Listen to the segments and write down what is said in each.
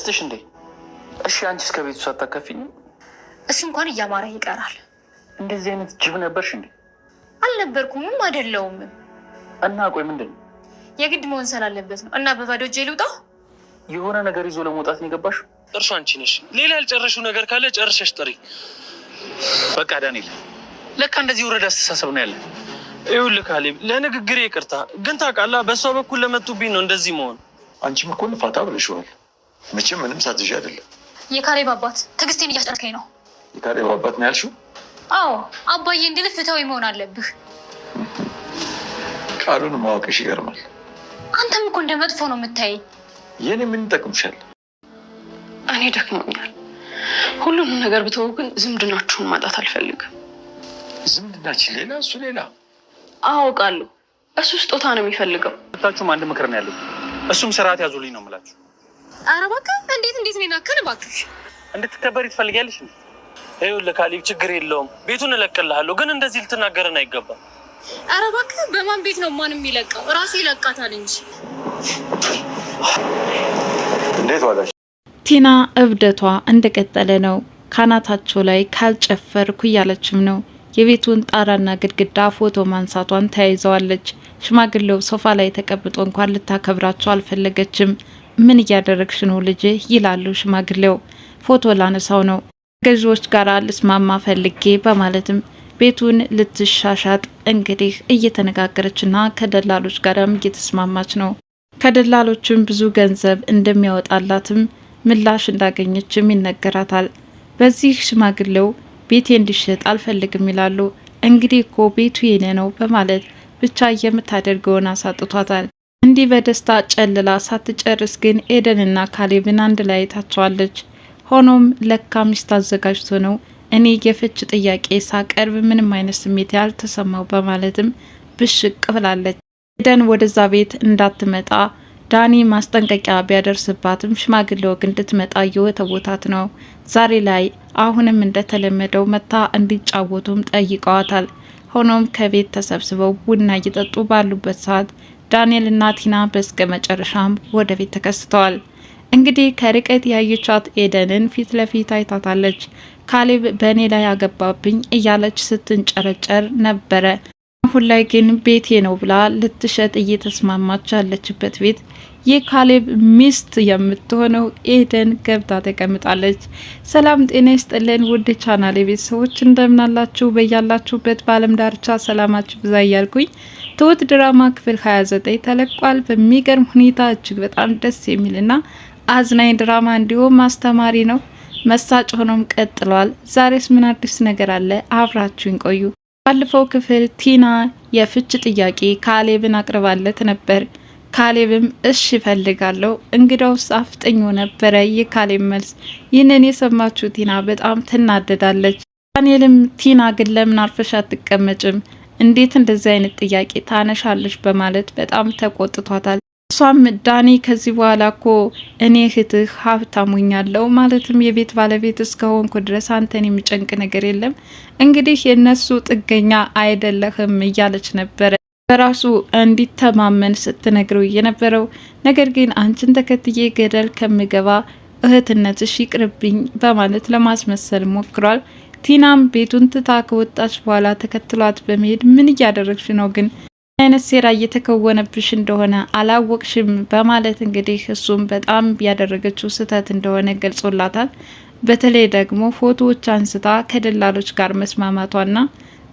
ልስጥሽ እንዴ? እሺ፣ አንቺ እስከ ቤቱ ሳታከፊኝ እሱ እንኳን እያማረ ይቀራል። እንደዚህ አይነት ጅብ ነበርሽ እንዴ? አልነበርኩምም፣ አይደለውም። እና ቆይ ምንድን ነው? የግድ መሆን ስላለበት ነው። እና በባዶ እጄ ልውጣ? የሆነ ነገር ይዞ ለመውጣት ነው የገባሽው? እርሱ አንቺ ነሽ። ሌላ ያልጨረሽው ነገር ካለ ጨርሰሽ ጥሪ። በቃ ዳንኤል፣ ለካ እንደዚህ ውረድ አስተሳሰብ ነው ያለን። ይኸውልህ ካሌብ፣ ለንግግሬ ይቅርታ፣ ግን ታውቃለህ፣ በእሷ በኩል ለመጡብኝ ነው እንደዚህ መሆን። አንቺም እኮ ንፋታ ብለሽዋል። መቼም ምንም ሳትዥ አይደለም። የካሌብ አባት ትዕግስቴን እያስጨረከኝ ነው። የካሌብ አባት ነው ያልሽው? አዎ አባዬ እንዲል ፍትሃዊ መሆን አለብህ። ቃሉን ማወቅሽ ይገርማል። አንተም እኮ እንደ መጥፎ ነው የምታየኝ። የኔ ምን ይጠቅምሻል? እኔ ደክሞኛል። ሁሉንም ነገር ብተው ግን ዝምድናችሁን ማጣት አልፈልግም። ዝምድናችን ሌላ፣ እሱ ሌላ። አውቃለሁ። እሱ ስጦታ ነው የሚፈልገው። ሁለታችሁም አንድ ምክር ነው ያለኝ። እሱም ስርዓት ያዙልኝ ነው የምላችሁ ኧረ እባክህ እንዴት እንዴት ነው ናከን እባክህ እንድትከበር ትፈልጊያለሽ? ይኸውልህ ካሌብ ችግር የለውም ቤቱን እለቅልሃለሁ፣ ግን እንደዚህ ልትናገረን አይገባም። ኧረ እባክህ በማን ቤት ነው ማንም የሚለቀው? ራሱ ይለቃታል እንጂ እንዴት ዋላሽ። ቲና እብደቷ እንደቀጠለ ነው። ካናታቸው ላይ ካልጨፈርኩ እያለችም ነው። የቤቱን ጣራና ግድግዳ ፎቶ ማንሳቷን ተያይዘዋለች። ሽማግሌው ሶፋ ላይ ተቀምጦ እንኳን ልታከብራቸው አልፈለገችም። ምን እያደረግሽ ነው ልጅ? ይላሉ ሽማግሌው። ፎቶ ላነሳው ነው ገዢዎች ጋር ልስማማ ፈልጌ በማለትም ቤቱን ልትሻሻጥ እንግዲህ እየተነጋገረችና ከደላሎች ጋርም እየተስማማች ነው። ከደላሎችም ብዙ ገንዘብ እንደሚያወጣላትም ምላሽ እንዳገኘችም ይነገራታል። በዚህ ሽማግሌው ቤቴ እንዲሸጥ አልፈልግም ይላሉ። እንግዲህ እኮ ቤቱ የኔ ነው በማለት ብቻ የምታደርገውን አሳጥቷታል። እንዲህ በደስታ ጨልላ ሳትጨርስ ግን ኤደንና ካሌብን አንድ ላይ ታቸዋለች። ሆኖም ለካ ሚስት አዘጋጅቶ ነው እኔ የፍች ጥያቄ ሳቀርብ ምንም አይነት ስሜት ያልተሰማው በማለትም ብሽቅ ብላለች። ኤደን ወደዛ ቤት እንዳትመጣ ዳኒ ማስጠንቀቂያ ቢያደርስባትም ሽማግሌው ግን እንድትመጣ እየወተወታት ነው። ዛሬ ላይ አሁንም እንደተለመደው መታ እንዲጫወቱም ጠይቀዋታል። ሆኖም ከቤት ተሰብስበው ቡና እየጠጡ ባሉበት ሰዓት ዳንኤል እና ቲና በስተ መጨረሻም ወደ ቤት ተከስተዋል። እንግዲህ ከርቀት ያየቻት ኤደንን ፊት ለፊት አይታታለች። ካሌብ በእኔ ላይ ያገባብኝ እያለች ስትንጨረጨር ነበረ። አሁን ላይ ግን ቤቴ ነው ብላ ልትሸጥ እየተስማማች ያለችበት ቤት የካሌብ ሚስት የምትሆነው ኤደን ገብታ ተቀምጣለች። ሰላም ጤና ይስጥልን ውድ ቻናሌ ቤተሰቦች እንደምናላችሁ በያላችሁበት በዓለም ዳርቻ ሰላማችሁ ብዛ እያልኩኝ ትሁት ድራማ ክፍል 29 ተለቋል። በሚገርም ሁኔታ እጅግ በጣም ደስ የሚልና አዝናኝ ድራማ እንዲሁም አስተማሪ ነው። መሳጭ ሆኖም ቀጥሏል። ዛሬስ ምን አዲስ ነገር አለ? አብራችሁን ቆዩ። ባለፈው ክፍል ቲና የፍች ጥያቄ ካሌብን አቅርባለት ነበር። ካሌብም እሺ እፈልጋለሁ፣ እንግዳውስ አፍጥኙ ነበረ ካሌብ መልስ። ይህንን የሰማችሁ ቲና በጣም ትናደዳለች። ዳንኤልም ቲና ግን ለምን አርፈሽ አትቀመጭም? እንዴት እንደዚህ አይነት ጥያቄ ታነሻለች? በማለት በጣም ተቆጥቷታል። እሷም ዳኒ ከዚህ በኋላ እኮ እኔ እህትህ ሀብታሙኛለው ማለትም የቤት ባለቤት እስከሆንኩ ድረስ አንተን የሚጨንቅ ነገር የለም፣ እንግዲህ የእነሱ ጥገኛ አይደለህም እያለች ነበረ በራሱ እንዲተማመን ስትነግረው የነበረው ነገር ግን አንቺን ተከትዬ ገደል ከምገባ እህትነትሽ ይቅርብኝ በማለት ለማስመሰል ሞክሯል። ቲናም ቤቱን ትታ ከወጣች በኋላ ተከትሏት በመሄድ ምን እያደረግሽ ነው ግን አይነት ሴራ እየተከወነብሽ እንደሆነ አላወቅሽም በማለት እንግዲህ እሱም በጣም ያደረገችው ስህተት እንደሆነ ገልጾላታል። በተለይ ደግሞ ፎቶዎች አንስታ ከደላሎች ጋር መስማማቷና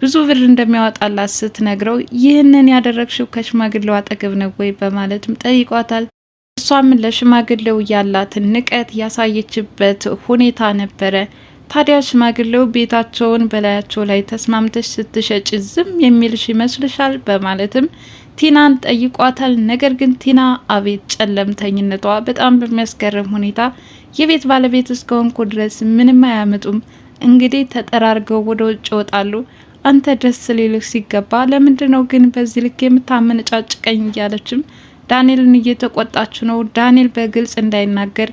ብዙ ብር እንደሚያወጣላት ስትነግረው ይህንን ያደረግሽው ከሽማግሌው አጠገብ ነው ወይ በማለትም ጠይቋታል። እሷም ለሽማግሌው ያላትን ንቀት ያሳየችበት ሁኔታ ነበረ። ታዲያ ሽማግሌው ቤታቸውን በላያቸው ላይ ተስማምተሽ ስትሸጭ ዝም የሚልሽ ይመስልሻል? በማለትም ቲናን ጠይቋታል። ነገር ግን ቲና አቤት ጨለምተኝነቷ በጣም በሚያስገርም ሁኔታ የቤት ባለቤት እስከሆንኩ ድረስ ምንም አያመጡም፣ እንግዲህ ተጠራርገው ወደ ውጭ ይወጣሉ አንተ ደስ ሊልህ ሲገባ ለምንድን ነው ግን በዚህ ልክ የምታመነጫጭቀኝ? እያለችም ዳንኤልን እየተቆጣች ነው። ዳንኤል በግልጽ እንዳይናገር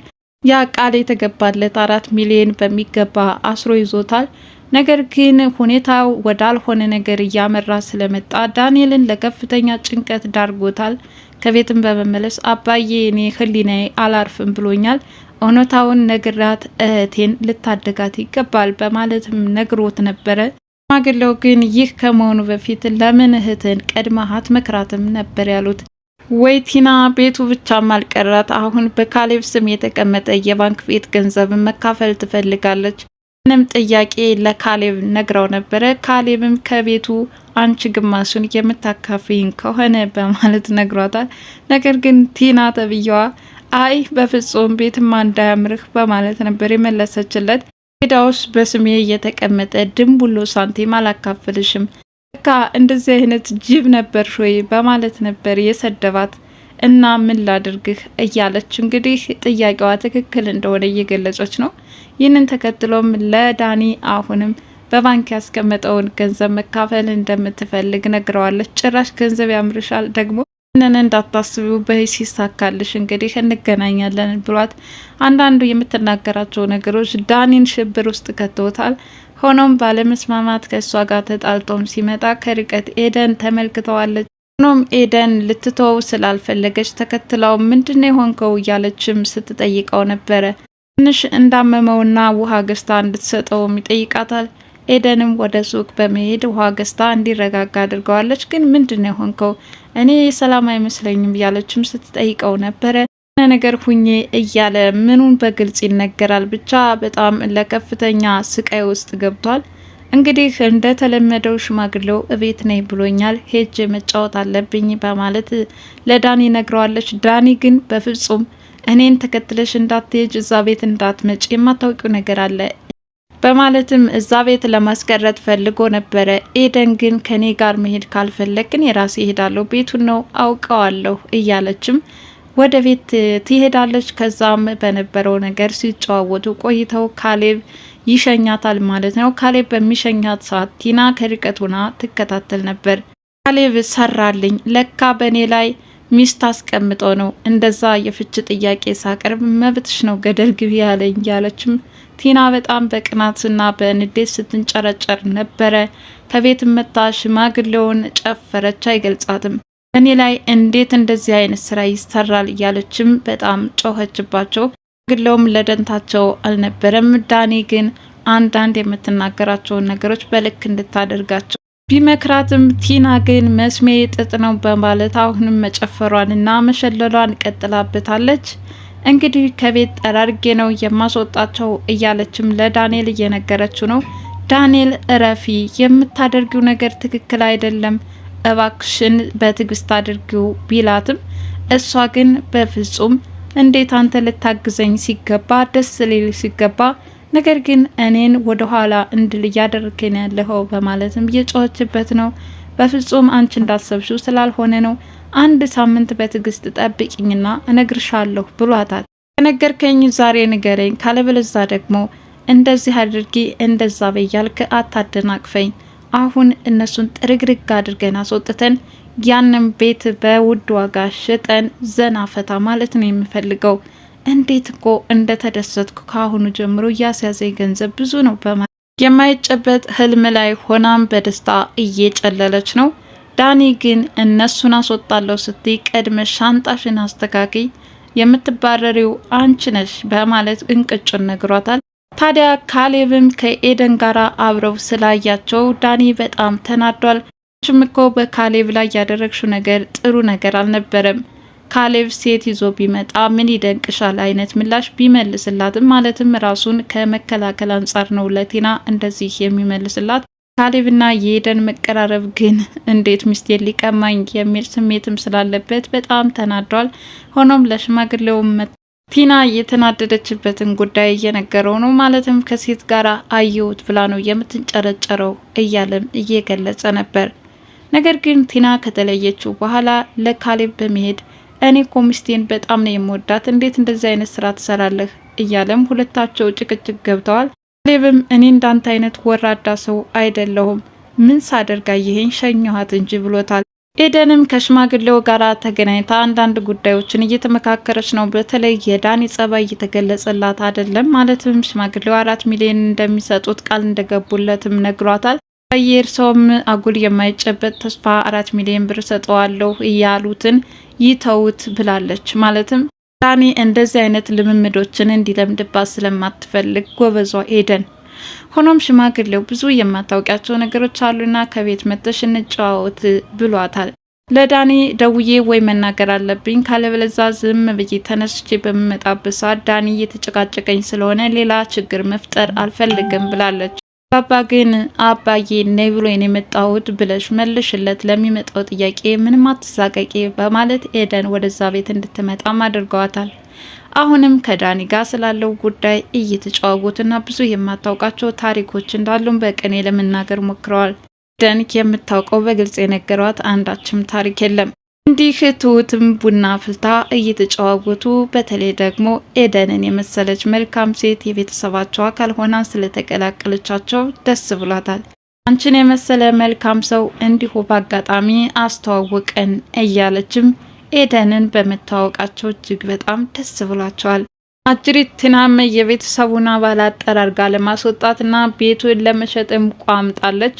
ያ ቃል የተገባለት አራት ሚሊዮን በሚገባ አስሮ ይዞታል። ነገር ግን ሁኔታው ወዳልሆነ ነገር እያመራ ስለመጣ ዳንኤልን ለከፍተኛ ጭንቀት ዳርጎታል። ከቤትም በመመለስ አባዬ እኔ ህሊናዬ አላርፍም ብሎኛል እውነታውን ነግራት እህቴን ልታደጋት ይገባል በማለትም ነግሮት ነበረ። ማግለው ግን ይህ ከመሆኑ በፊት ለምን እህትን ቀድመህ አትመክራትም ነበር ያሉት። ወይ ቲና ቤቱ ብቻም አልቀራት፣ አሁን በካሌብ ስም የተቀመጠ የባንክ ቤት ገንዘብን መካፈል ትፈልጋለች። ምንም ጥያቄ ለካሌብ ነግራው ነበረ። ካሌብም ከቤቱ አንቺ ግማሹን የምታካፍኝ ከሆነ በማለት ነግሯታል። ነገር ግን ቲና ተብዬዋ አይ በፍጹም ቤትማ እንዳያምርህ በማለት ነበር የመለሰችለት። ሄዳውስ በስሜ እየተቀመጠ ድንቡሎ ሳንቲም አላካፍልሽም ካ እንደዚህ አይነት ጅብ ነበር ሾይ በማለት ነበር የሰደባት። እና ምን ላድርግህ እያለች እንግዲህ ጥያቄዋ ትክክል እንደሆነ እየገለጸች ነው። ይህንን ተከትሎም ለዳኒ አሁንም በባንክ ያስቀመጠውን ገንዘብ መካፈል እንደምትፈልግ ነግረዋለች። ጭራሽ ገንዘብ ያምርሻል ደግሞ ይህንን እንዳታስቢው በይ ሲሳካልሽ እንግዲህ እንገናኛለን ብሏት፣ አንዳንዱ የምትናገራቸው ነገሮች ዳኒን ሽብር ውስጥ ከተውታል። ሆኖም ባለመስማማት ከእሷ ጋር ተጣልጦም ሲመጣ ከርቀት ኤደን ተመልክተዋለች። ሆኖም ኤደን ልትተው ስላልፈለገች ተከትለው ምንድነው የሆንከው እያለችም ስትጠይቀው ነበረ። ትንሽ እንዳመመውና ውሃ ገዝታ እንድትሰጠውም ይጠይቃታል። ኤደንም ወደ ሱቅ በመሄድ ውሃ ገዝታ እንዲረጋጋ አድርገዋለች። ግን ምንድን ነው የሆንከው? እኔ ሰላም አይመስለኝም እያለችም ስትጠይቀው ነበረ ነገር ሁኜ እያለ ምኑን በግልጽ ይነገራል። ብቻ በጣም ለከፍተኛ ስቃይ ውስጥ ገብቷል። እንግዲህ እንደተለመደው ሽማግሌው እቤት ነኝ ብሎኛል፣ ሄጅ መጫወት አለብኝ በማለት ለዳኒ ነግረዋለች። ዳኒ ግን በፍጹም እኔን ተከትለሽ እንዳትሄጅ፣ እዛ ቤት እንዳትመጭ፣ የማታውቂው ነገር አለ በማለትም እዛ ቤት ለማስቀረት ፈልጎ ነበረ። ኤደን ግን ከኔ ጋር መሄድ ካልፈለግን የራሴ ይሄዳለሁ፣ ቤቱን ነው አውቀዋለሁ እያለችም ወደ ቤት ትሄዳለች። ከዛም በነበረው ነገር ሲጨዋወቱ ቆይተው ካሌብ ይሸኛታል ማለት ነው። ካሌብ በሚሸኛት ሰዓት ቲና ከርቀት ሆና ትከታተል ነበር። ካሌብ ሰራልኝ፣ ለካ በእኔ ላይ ሚስት አስቀምጦ ነው እንደዛ የፍች ጥያቄ ሳቀርብ መብትሽ ነው ገደል ግቢ ያለኝ እያለችም ቲና በጣም በቅናትና በንዴት ስትንጨረጨር ነበረ። ከቤት መታ ሽማግሌውን ጨፈረች። አይገልጻትም እኔ ላይ እንዴት እንደዚህ አይነት ስራ ይሰራል እያለችም በጣም ጮኸችባቸው። ግለውም ለደንታቸው አልነበረም። ዳኔ ግን አንዳንድ የምትናገራቸውን ነገሮች በልክ እንድታደርጋቸው ቢመክራትም ቲና ግን መስሜ ጥጥ ነው በማለት አሁንም መጨፈሯንና መሸለሏን ቀጥላበታለች። እንግዲህ ከቤት ጠራርጌ ነው የማስወጣቸው እያለችም ለዳንኤል እየነገረችው ነው። ዳንኤል እረፊ፣ የምታደርጊው ነገር ትክክል አይደለም፣ እባክሽን በትዕግስት አድርጊው ቢላትም እሷ ግን በፍጹም እንዴት አንተ ልታግዘኝ ሲገባ ደስ ሊል ሲገባ ነገር ግን እኔን ወደ ኋላ እንድል እያደረገን ያለኸው በማለትም እየጮኸችበት ነው። በፍጹም አንቺ እንዳሰብሽው ስላልሆነ ነው አንድ ሳምንት በትዕግስት ጠብቂኝና እነግርሻለሁ ብሏታል። ከነገርከኝ ዛሬ ንገረኝ፣ ካለበለዛ ደግሞ እንደዚህ አድርጊ እንደዛ በያልክ አታደናቅፈኝ። አሁን እነሱን ጥርግርግ አድርገን አስወጥተን ያንን ቤት በውድ ዋጋ ሽጠን ዘና ፈታ ማለት ነው የምፈልገው። እንዴት እኮ እንደተደሰትኩ ከአሁኑ ጀምሮ እያስያዘ ገንዘብ ብዙ ነው በማለት የማይጨበት ህልም ላይ ሆናም በደስታ እየጨለለች ነው። ዳኒ ግን እነሱን አስወጣለሁ ስትይ ቀድመ ሻንጣሽን አስተካክይ፣ የምትባረሪው አንቺ ነሽ በማለት እንቅጩን ነግሯታል። ታዲያ ካሌብም ከኤደን ጋር አብረው ስላያቸው ዳኒ በጣም ተናዷል። አንቺም እኮ በካሌብ ላይ ያደረግሽው ነገር ጥሩ ነገር አልነበረም። ካሌብ ሴት ይዞ ቢመጣ ምን ይደንቅሻል አይነት ምላሽ ቢመልስላትም ማለትም ራሱን ከመከላከል አንጻር ነው ለቲና እንደዚህ የሚመልስላት። ካሌብና የኤደን መቀራረብ ግን እንዴት ሚስቴ ሊቀማኝ የሚል ስሜትም ስላለበት በጣም ተናዷል። ሆኖም ለሽማግሌው ቲና የተናደደችበትን ጉዳይ እየነገረው ነው። ማለትም ከሴት ጋር አየሁት ብላ ነው የምትንጨረጨረው እያለም እየገለጸ ነበር። ነገር ግን ቲና ከተለየችው በኋላ ለካሌብ በመሄድ እኔ ኮ ሚስቴን በጣም ነው የምወዳት፣ እንዴት እንደዚህ አይነት ስራ ትሰራለህ? እያለም ሁለታቸው ጭቅጭቅ ገብተዋል። ካሌብም እኔ እንዳንተ አይነት ወራዳ ሰው አይደለሁም፣ ምን ሳደርጋ ይሄን ሸኘኋት እንጂ ብሎታል። ኤደንም ከሽማግሌው ጋር ተገናኝታ አንዳንድ ጉዳዮችን እየተመካከረች ነው። በተለይ የዳኒ ጸባይ እየተገለጸላት አይደለም። ማለትም ሽማግሌው አራት ሚሊዮን እንደሚሰጡት ቃል እንደገቡለትም ነግሯታል። አየር ሰውም አጉል የማይጨበጥ ተስፋ አራት ሚሊዮን ብር ሰጠዋለሁ እያሉትን ይተውት ብላለች። ማለትም ዳኒ እንደዚህ አይነት ልምምዶችን እንዲለምድባት ስለማትፈልግ ጎበዟ ኤደን። ሆኖም ሽማግሌው ብዙ የማታውቂያቸው ነገሮች አሉና ከቤት መጥተሽ እንጨዋወት ብሏታል። ለዳኒ ደውዬ ወይ መናገር አለብኝ ካለበለዛ ዝም ብዬ ተነስቼ በምመጣበት ሰዓት ዳኒ እየተጨቃጨቀኝ ስለሆነ ሌላ ችግር መፍጠር አልፈልግም ብላለች። ፓፓ ግን አባዬ ነይ ብሎ ነው የመጣሁት ብለሽ መልሽለት፣ ለሚመጣው ጥያቄ ምንም አትሳቀቂ በማለት ኤደን ወደዛ ቤት እንድትመጣም አድርገዋታል። አሁንም ከዳኒ ጋር ስላለው ጉዳይ እየተጨዋወቱና ብዙ የማታውቃቸው ታሪኮች እንዳሉም በቅኔ ለመናገር ሞክረዋል። ደንክ የምታውቀው በግልጽ የነገሯት አንዳችም ታሪክ የለም። እንዲህ ትሁትም ቡና ፍልታ እየተጨዋወቱ በተለይ ደግሞ ኤደንን የመሰለች መልካም ሴት የቤተሰባቸው አካል ሆና ስለተቀላቀለቻቸው ደስ ብሏታል። አንቺን የመሰለ መልካም ሰው እንዲሁ በአጋጣሚ አስተዋወቀን እያለችም ኤደንን በመተዋወቃቸው እጅግ በጣም ደስ ብሏቸዋል። አጅሪት ትናም የቤተሰቡን አባላት ጠራርጋ ለማስወጣትና ቤቱን ለመሸጥም ቋምጣለች።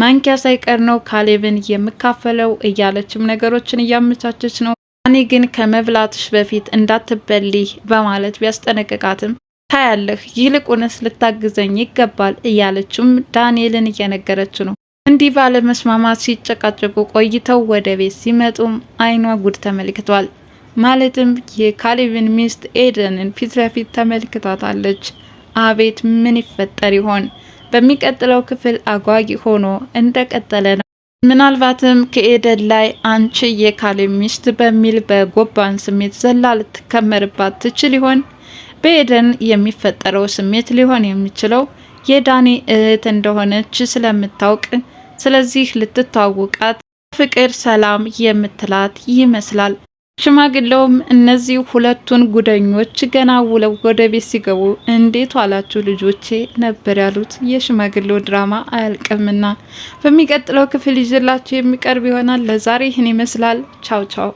ማንኪያ ሳይቀር ነው ካሌብን የምካፈለው እያለችም ነገሮችን እያመቻቸች ነው። እኔ ግን ከመብላትሽ በፊት እንዳትበሊህ በማለት ቢያስጠነቅቃትም ታያለህ፣ ይልቁንስ ልታግዘኝ ይገባል እያለችም ዳንኤልን እየነገረች ነው። እንዲህ ባለ መስማማት ሲጨቃጨቁ ቆይተው ወደ ቤት ሲመጡም አይኗ ጉድ ተመልክቷል። ማለትም የካሌብን ሚስት ኤደንን ፊት ለፊት ተመልክታታለች። አቤት ምን ይፈጠር ይሆን? በሚቀጥለው ክፍል አጓጊ ሆኖ እንደቀጠለ ነው። ምናልባትም ከኤደን ላይ አንቺ የካሌ ሚስት በሚል በጎባን ስሜት ዘላ ልትከመርባት ትችል ይሆን? በኤደን የሚፈጠረው ስሜት ሊሆን የሚችለው የዳኒ እህት እንደሆነች ስለምታውቅ፣ ስለዚህ ልትታወቃት ፍቅር ሰላም የምትላት ይመስላል። ሽማግሌውም እነዚህ ሁለቱን ጉደኞች ገና ውለው ወደ ቤት ሲገቡ እንዴት ዋላችሁ ልጆቼ ነበር ያሉት። የሽማግሌው ድራማ አያልቅምና በሚቀጥለው ክፍል ይዤላችሁ የሚቀርብ ይሆናል። ለዛሬ ይህን ይመስላል። ቻው ቻው።